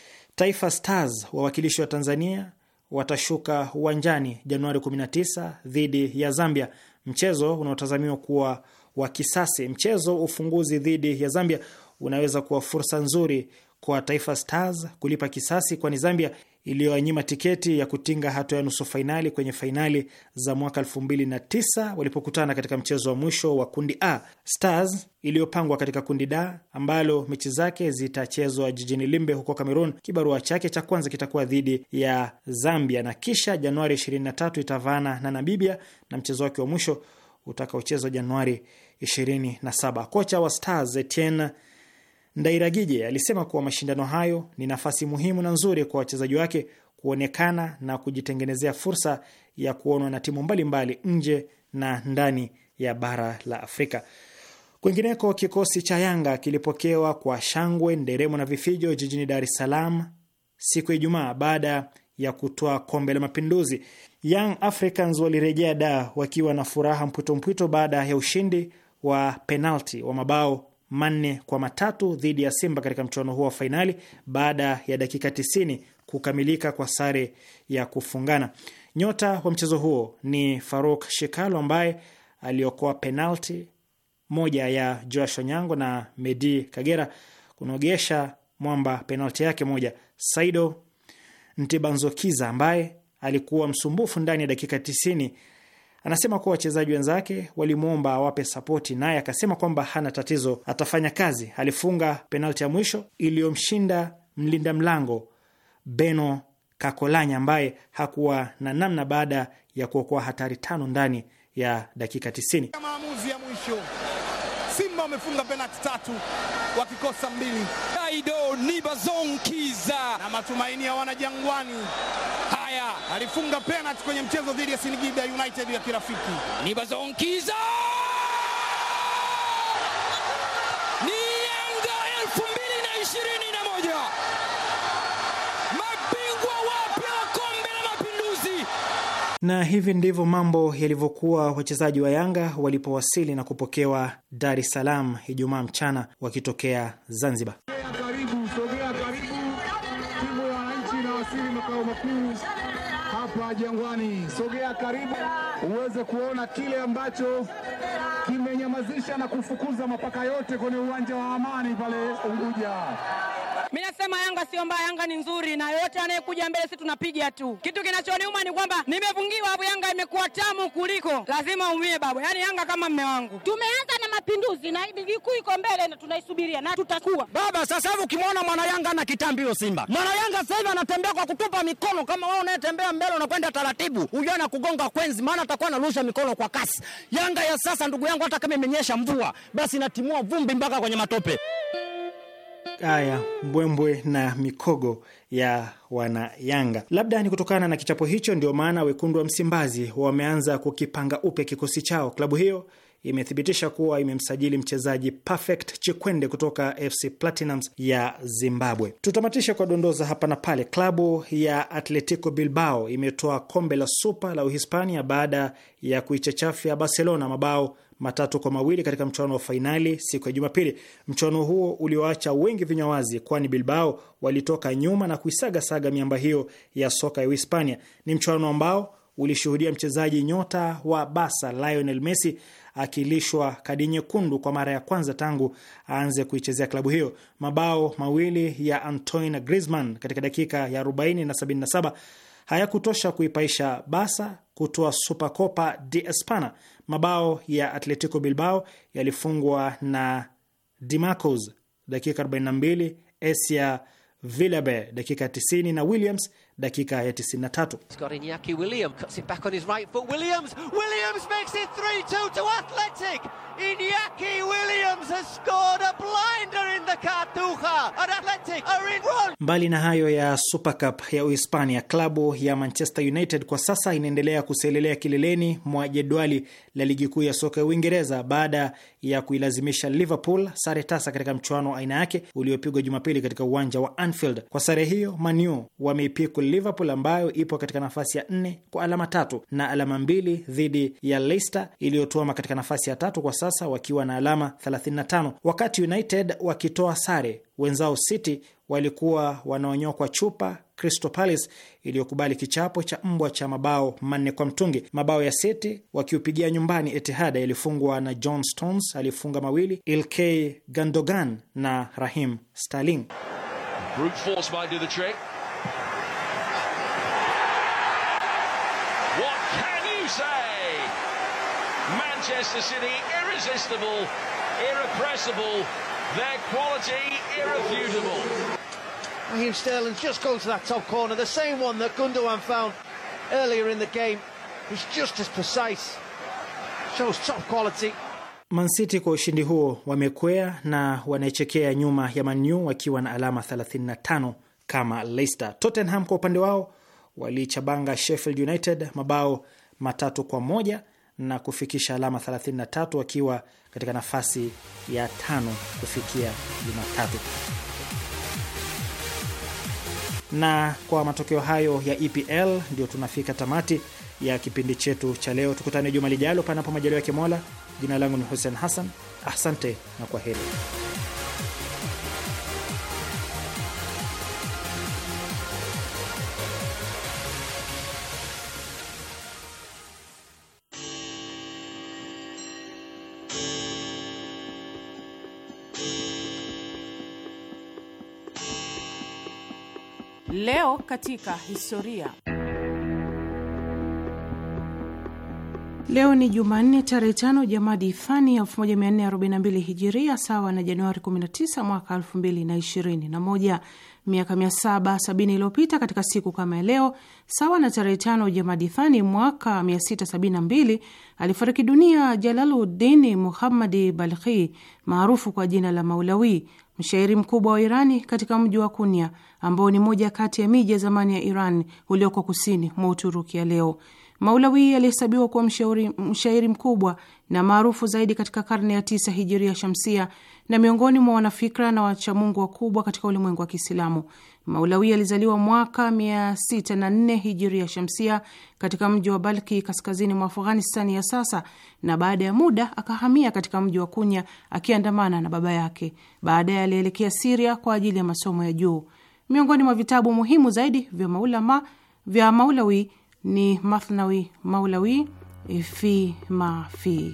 Taifa Stars, wawakilishi wa Tanzania, watashuka uwanjani Januari 19 dhidi ya Zambia, mchezo unaotazamiwa kuwa wa kisasi. Mchezo ufunguzi dhidi ya Zambia unaweza kuwa fursa nzuri kwa Taifa Stars kulipa kisasi, kwani Zambia iliyowanyima tiketi ya kutinga hatua ya nusu fainali kwenye fainali za mwaka 2009 walipokutana katika mchezo wa mwisho wa kundi A. Stars iliyopangwa katika kundi D ambalo mechi zake zitachezwa jijini Limbe huko Cameroon, kibarua chake cha kwanza kitakuwa dhidi ya Zambia na kisha Januari 23 itavana na Namibia na mchezo wake wa mwisho utakaochezwa Januari 27. Kocha wa Stars Etienne Ndairagije alisema kuwa mashindano hayo ni nafasi muhimu na nzuri kwa wachezaji wake kuonekana na kujitengenezea fursa ya kuonwa na timu mbalimbali nje na ndani ya bara la Afrika. Kwingineko, kikosi cha Yanga kilipokewa kwa shangwe, nderemo na vifijo jijini Dar es Salaam siku ya Ijumaa baada ya kutoa kombe la Mapinduzi. Young Africans walirejea da wakiwa na furaha mpwito mpwito baada ya ushindi wa penalti wa mabao manne kwa matatu dhidi ya Simba katika mchuano huo wa fainali baada ya dakika 90 kukamilika kwa sare ya kufungana. Nyota wa mchezo huo ni Faruk Shikalo ambaye aliokoa penalti moja ya Joash Nyango na Medi Kagera kunogesha mwamba penalti yake moja. Saido Ntibanzokiza ambaye alikuwa msumbufu ndani ya dakika tisini Anasema kuwa wachezaji wenzake walimwomba awape sapoti, naye akasema kwamba hana tatizo, atafanya kazi. Alifunga penalti ya mwisho iliyomshinda mlinda mlango Beno Kakolanya ambaye hakuwa na namna baada ya kuokoa hatari tano ndani ya dakika 9 Maamuzi ya mwisho, Simba wamefunga penalti tatu wakikosa mbili. na matumaini ya wanajangwani Ulaya. Alifunga penalty kwenye mchezo dhidi ya Singida United ya kirafiki. Nibazonkiza ni Yanga mabingwa wapya wa kombe la mapinduzi. Na hivi ndivyo mambo yalivyokuwa wachezaji wa Yanga walipowasili na kupokewa Dar es Salaam Ijumaa mchana wakitokea Zanzibar. hapa Jangwani. Sogea karibu uweze kuona kile ambacho kimenyamazisha na kufukuza mapaka yote kwenye uwanja wa Amani pale Unguja. Mimi nasema Yanga sio mbaya, Yanga ni nzuri, na yoyote anayekuja mbele sisi tunapiga tu. Kitu kinachoniuma ni kwamba nimefungiwa hapo, Yanga imekuwa tamu kuliko, lazima umie babu. Yaani Yanga kama mme wangu. Tumeanza na mapinduzi na ligi kuu iko mbele na tunaisubiria na tutakuwa baba. Sasa hivi ukimwona mwana Yanga ana kitambio Simba, mwana Yanga sasa hivi anatembea kwa kutupa mikono. Kama wewe unayetembea mbele unakwenda taratibu, hujua na kugonga kwenzi, maana atakuwa anarusha mikono kwa kasi. Yanga ya sasa, ndugu yangu, hata kama imenyesha mvua, basi inatimua vumbi mpaka kwenye matope aya mbwembwe na mikogo ya wana yanga Labda ni kutokana na kichapo hicho, ndio maana wekundu wa Msimbazi wameanza kukipanga upya kikosi chao. Klabu hiyo imethibitisha kuwa imemsajili mchezaji Perfect Chikwende kutoka FC Platinums ya Zimbabwe. Tutamatishe kwa dondoza hapa na pale. Klabu ya Atletico Bilbao imetoa kombe la Supa la Uhispania baada ya kuichachafya Barcelona mabao matatu kwa mawili katika mchuano wa fainali siku ya Jumapili. Mchuano huo ulioacha wengi vinywa wazi, kwani Bilbao walitoka nyuma na kuisagasaga miamba hiyo ya soka ya Uhispania. Ni mchuano ambao ulishuhudia mchezaji nyota wa Barca Lionel Messi akilishwa kadi nyekundu kwa mara ya kwanza tangu aanze kuichezea klabu hiyo. Mabao mawili ya Antoine Griezmann katika dakika ya 40 na 77 hayakutosha kuipaisha Barca kutoa Supercopa de Espana. Mabao ya Atletico Bilbao yalifungwa na Dimarcos dakika 42, Esia Villabe dakika 90 na Williams dakika ya 93. Williams, Williams makes it 3-2 to Iñaki Williams has scored a blinder in the Cartuja and Athletic are in front. Mbali na hayo ya Super Cup ya Uhispania, klabu ya Manchester United kwa sasa inaendelea kuselelea kileleni mwa jedwali la ligi kuu ya soka ya Uingereza baada ya kuilazimisha Liverpool sare tasa katika mchuano wa aina yake uliopigwa Jumapili katika uwanja wa Anfield. Kwa sare hiyo, Manu wameipiku Liverpool ambayo ipo katika nafasi ya nne kwa alama tatu na alama mbili dhidi ya Leicester iliyotuama katika nafasi ya tatu kwa sasa sasa wakiwa na alama 35, wakati United wakitoa sare. Wenzao City walikuwa wanaonyokwa chupa Crystal Palace iliyokubali kichapo cha mbwa cha mabao manne kwa mtungi. Mabao ya City wakiupigia nyumbani Etihada yalifungwa na John Stones aliyefunga mawili, Ilkay Gundogan na Raheem Sterling. Manchester City irresistible, irrepressible, their quality irrefutable. Raheem Sterling's just gone to that top corner, the same one that Gundogan found earlier in the game. He's just as precise, shows top quality. Man City kwa ushindi huo wamekwea na wanaechekea nyuma ya Man U wakiwa na alama 35 kama Leicester. Tottenham kwa upande wao walichabanga Sheffield United mabao matatu kwa moja na kufikisha alama 33 wakiwa katika nafasi ya tano kufikia Jumatatu. Na kwa matokeo hayo ya EPL ndio tunafika tamati ya kipindi chetu cha leo. Tukutane juma lijalo, panapo majaliwa ya Kimola. Jina langu ni Hussein Hassan, asante na kwa heri. Leo katika historia. Leo ni Jumanne tarehe tano Jamadi Ifani 1442 Hijiria, sawa na Januari 19 mwaka 2021 miaka sabini iliyopita katika siku kama ya leo, sawa na tarehe tano Jamadithani mwaka mbili alifariki dunia Jalaluddini Muhammadi Balkhi maarufu kwa jina la Maulawi, mshairi mkubwa wa Irani katika mji wa Kunia ambao ni moja kati ya miji ya zamani ya Iran ulioko kusini mwa Uturuki ya leo. Maulawi alihesabiwa kuwa mshairi mkubwa na maarufu zaidi katika karne ya tisa hijiria shamsia na miongoni mwa wanafikra na wachamungu wakubwa katika ulimwengu wa Kiislamu. Maulawi alizaliwa mwaka 604 hijiria shamsia katika mji wa Balki kaskazini mwa afghanistan ya sasa, na baada ya muda akahamia katika mji wa Kunya akiandamana na baba yake. Baadaye alielekea Siria kwa ajili ya masomo ya juu. Miongoni mwa vitabu muhimu zaidi vya maulama vya Maulawi ni Mathnawi Maulawi fi ma fi.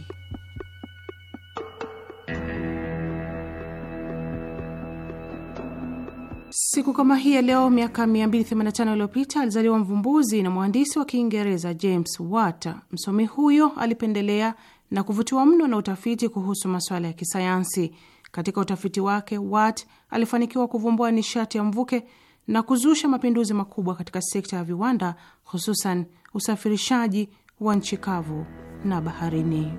Siku kama hii ya leo miaka 285 iliyopita alizaliwa mvumbuzi na mwandisi wa Kiingereza James Watt. Msomi huyo alipendelea na kuvutiwa mno na utafiti kuhusu masuala ya kisayansi. Katika utafiti wake, Watt alifanikiwa kuvumbua nishati ya mvuke na kuzusha mapinduzi makubwa katika sekta ya viwanda, hususan usafirishaji wa nchi kavu na baharini.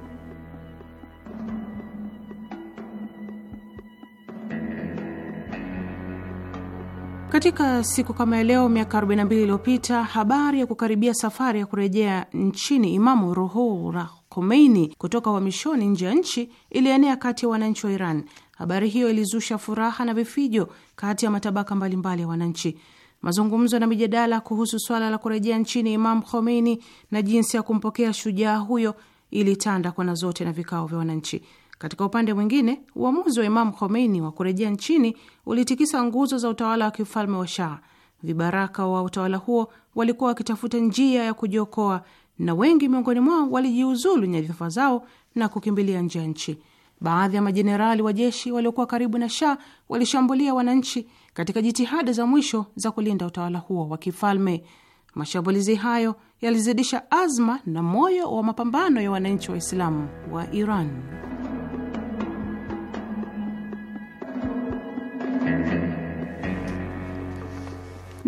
Katika siku kama leo miaka 42 iliyopita, habari ya kukaribia safari ya kurejea nchini Imamu Ruhullah Khomeini kutoka uhamishoni nje ya nchi ilienea kati ya wananchi wa Iran. Habari hiyo ilizusha furaha na vifijo kati ya matabaka mbalimbali ya wananchi. Mazungumzo na mijadala kuhusu swala la kurejea nchini Imam Khomeini na jinsi ya kumpokea shujaa huyo ilitanda kona zote na vikao vya wananchi. Katika upande mwingine, uamuzi wa Imam Khomeini wa kurejea nchini ulitikisa nguzo za utawala wa kifalme wa Shah. Vibaraka wa utawala huo walikuwa wakitafuta njia ya kujiokoa na wengi miongoni mwao walijiuzulu nyadhifa zao na kukimbilia nje ya nchi. Baadhi ya majenerali wa jeshi waliokuwa karibu na Shah walishambulia wananchi katika jitihada za mwisho za kulinda utawala huo wa kifalme. Mashambulizi hayo yalizidisha azma na moyo wa mapambano ya wananchi Waislamu wa Iran.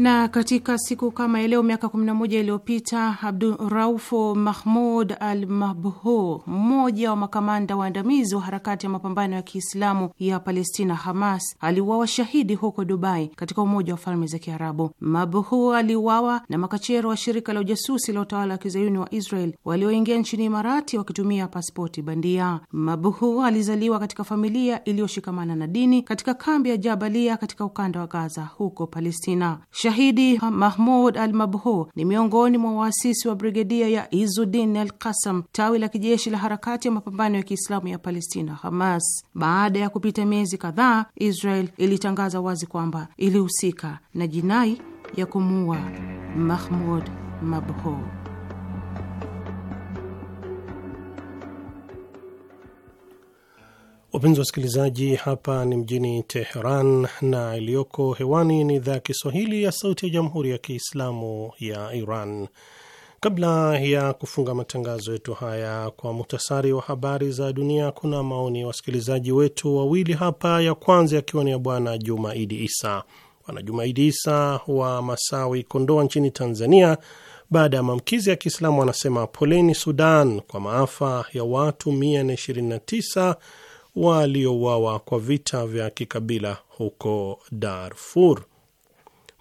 Na katika siku kama leo miaka 11 iliyopita Abduraufu Mahmud al Mabhou, mmoja wa makamanda waandamizi wa harakati ya mapambano ya Kiislamu ya Palestina, Hamas, aliuawa shahidi huko Dubai katika Umoja wa Falme za Kiarabu. Mabhou aliuawa na makachero wa shirika la ujasusi la utawala wa kizayuni wa Israel walioingia nchini Imarati wakitumia pasipoti bandia. Mabhou alizaliwa katika familia iliyoshikamana na dini katika kambi ya Jabalia katika ukanda wa Gaza huko Palestina. Shahidi Mahmud al mabhu ni miongoni mwa waasisi wa brigedia ya Izudin al Kasam, tawi la kijeshi la harakati ya mapambano ya Kiislamu ya Palestina, Hamas. Baada ya kupita miezi kadhaa, Israel ilitangaza wazi kwamba ilihusika na jinai ya kumuua Mahmud mabhu Wapenzi wasikilizaji, hapa ni mjini Teheran na iliyoko hewani ni idhaa ya Kiswahili ya Sauti ya Jamhuri ya Kiislamu ya Iran. Kabla ya kufunga matangazo yetu haya kwa muhtasari wa habari za dunia, kuna maoni ya wasikilizaji wetu wawili hapa. Ya kwanza yakiwa ni ya Bwana Juma Idi Isa. Bwana Juma Idi Isa wa Masawi, Kondoa nchini Tanzania, baada ya maamkizi ya Kiislamu anasema poleni Sudan kwa maafa ya watu 129 waliouawa kwa vita vya kikabila huko Darfur.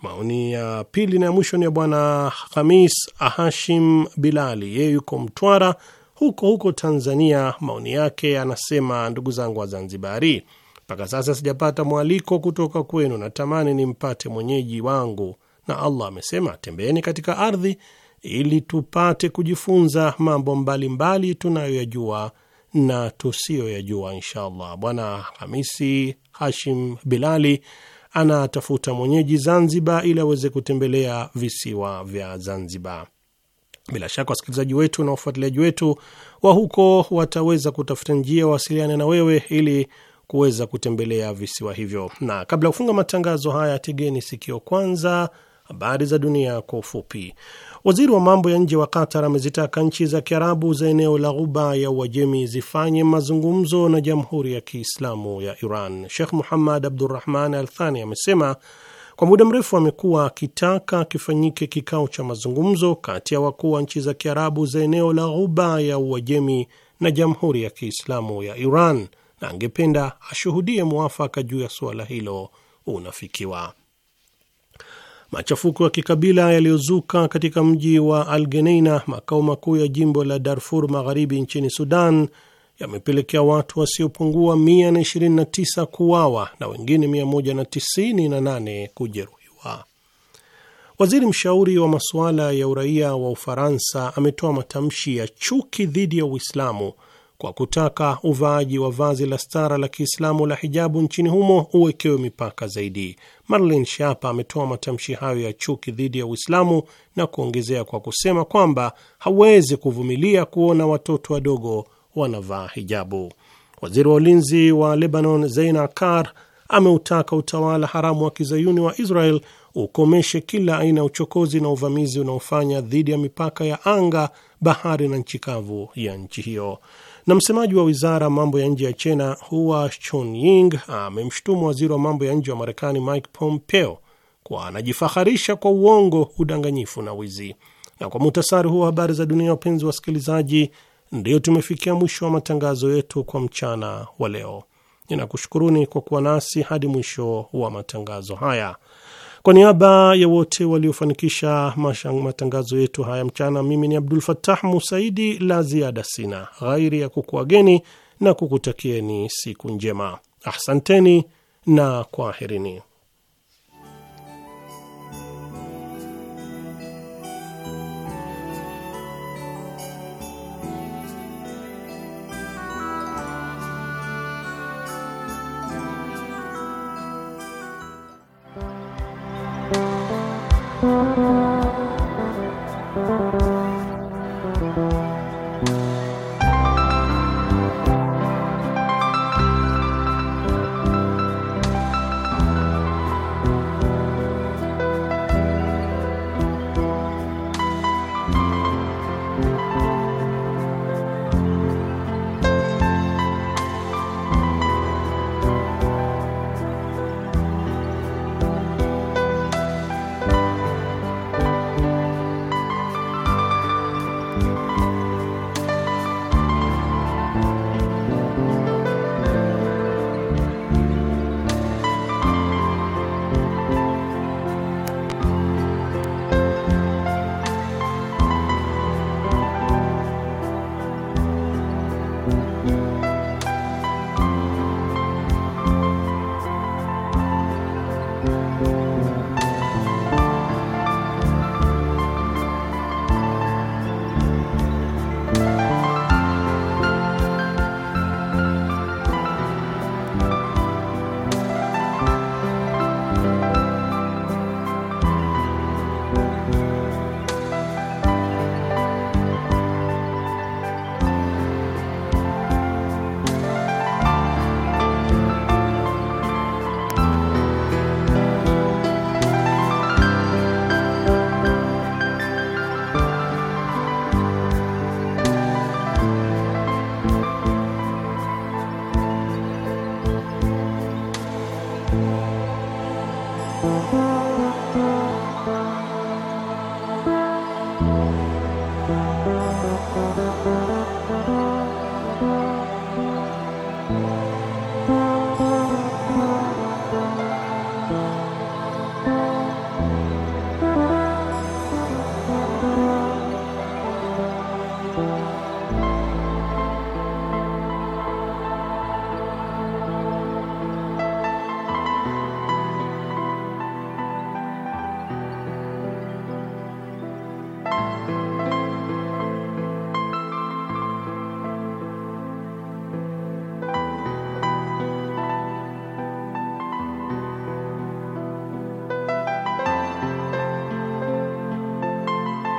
Maoni ya pili na ya mwisho ni ya Bwana Khamis Hashim Bilali, yeye yuko Mtwara huko huko Tanzania. Maoni yake anasema, ndugu zangu wa zanzibari mpaka sasa sijapata mwaliko kutoka kwenu, natamani nimpate mwenyeji wangu, na Allah amesema tembeeni katika ardhi ili tupate kujifunza mambo mbalimbali tunayoyajua na tusiyoyajua insha allah. Bwana Hamisi Hashim Bilali anatafuta mwenyeji Zanzibar ili aweze kutembelea visiwa vya Zanzibar. Bila shaka wasikilizaji wetu na wafuatiliaji wetu wa huko wataweza kutafuta njia wawasiliane na wewe ili kuweza kutembelea visiwa hivyo. Na kabla ya kufunga matangazo haya, tegeni sikio kwanza habari za dunia kwa ufupi. Waziri wa mambo ya nje wa Qatar amezitaka nchi za Kiarabu za eneo la Ghuba ya Uajemi zifanye mazungumzo na Jamhuri ya Kiislamu ya Iran. Sheikh Muhammad Abdurrahman Al Thani amesema kwa muda mrefu amekuwa akitaka kifanyike kikao cha mazungumzo kati ya wakuu wa nchi za Kiarabu za eneo la Ghuba ya Uajemi na Jamhuri ya Kiislamu ya Iran na angependa ashuhudie muafaka juu ya suala hilo unafikiwa. Machafuko ya kikabila yaliyozuka katika mji wa Algeneina, makao makuu ya jimbo la Darfur Magharibi nchini Sudan, yamepelekea watu wasiopungua 129 kuuawa na wengine 198 kujeruhiwa. Waziri mshauri wa masuala ya uraia wa Ufaransa ametoa matamshi ya chuki dhidi ya Uislamu kwa kutaka uvaaji wa vazi la stara la Kiislamu la hijabu nchini humo uwekewe mipaka zaidi. Marlin Shapa ametoa matamshi hayo ya chuki dhidi ya Uislamu na kuongezea kwa kusema kwamba hawezi kuvumilia kuona watoto wadogo wanavaa hijabu. Waziri wa ulinzi wa Lebanon Zeina Akar ameutaka utawala haramu wa kizayuni wa Israel ukomeshe kila aina ya uchokozi na uvamizi unaofanya dhidi ya mipaka ya anga, bahari na nchi kavu ya nchi hiyo. Na msemaji wa wizara mambo ya nje ya China Hua Chunying amemshutumu waziri wa mambo ya nje wa Marekani Mike Pompeo kwa anajifaharisha kwa uongo, udanganyifu na wizi. Na kwa muhtasari huo habari za dunia, wapenzi wa wasikilizaji, ndiyo tumefikia mwisho wa matangazo yetu kwa mchana wa leo. Ninakushukuruni kwa kuwa nasi hadi mwisho wa matangazo haya. Kwa niaba ya wote waliofanikisha matangazo yetu haya mchana, mimi ni Abdul Fattah Musaidi. La ziada sina ghairi ya kukuageni na kukutakieni siku njema. Ahsanteni na kwaherini.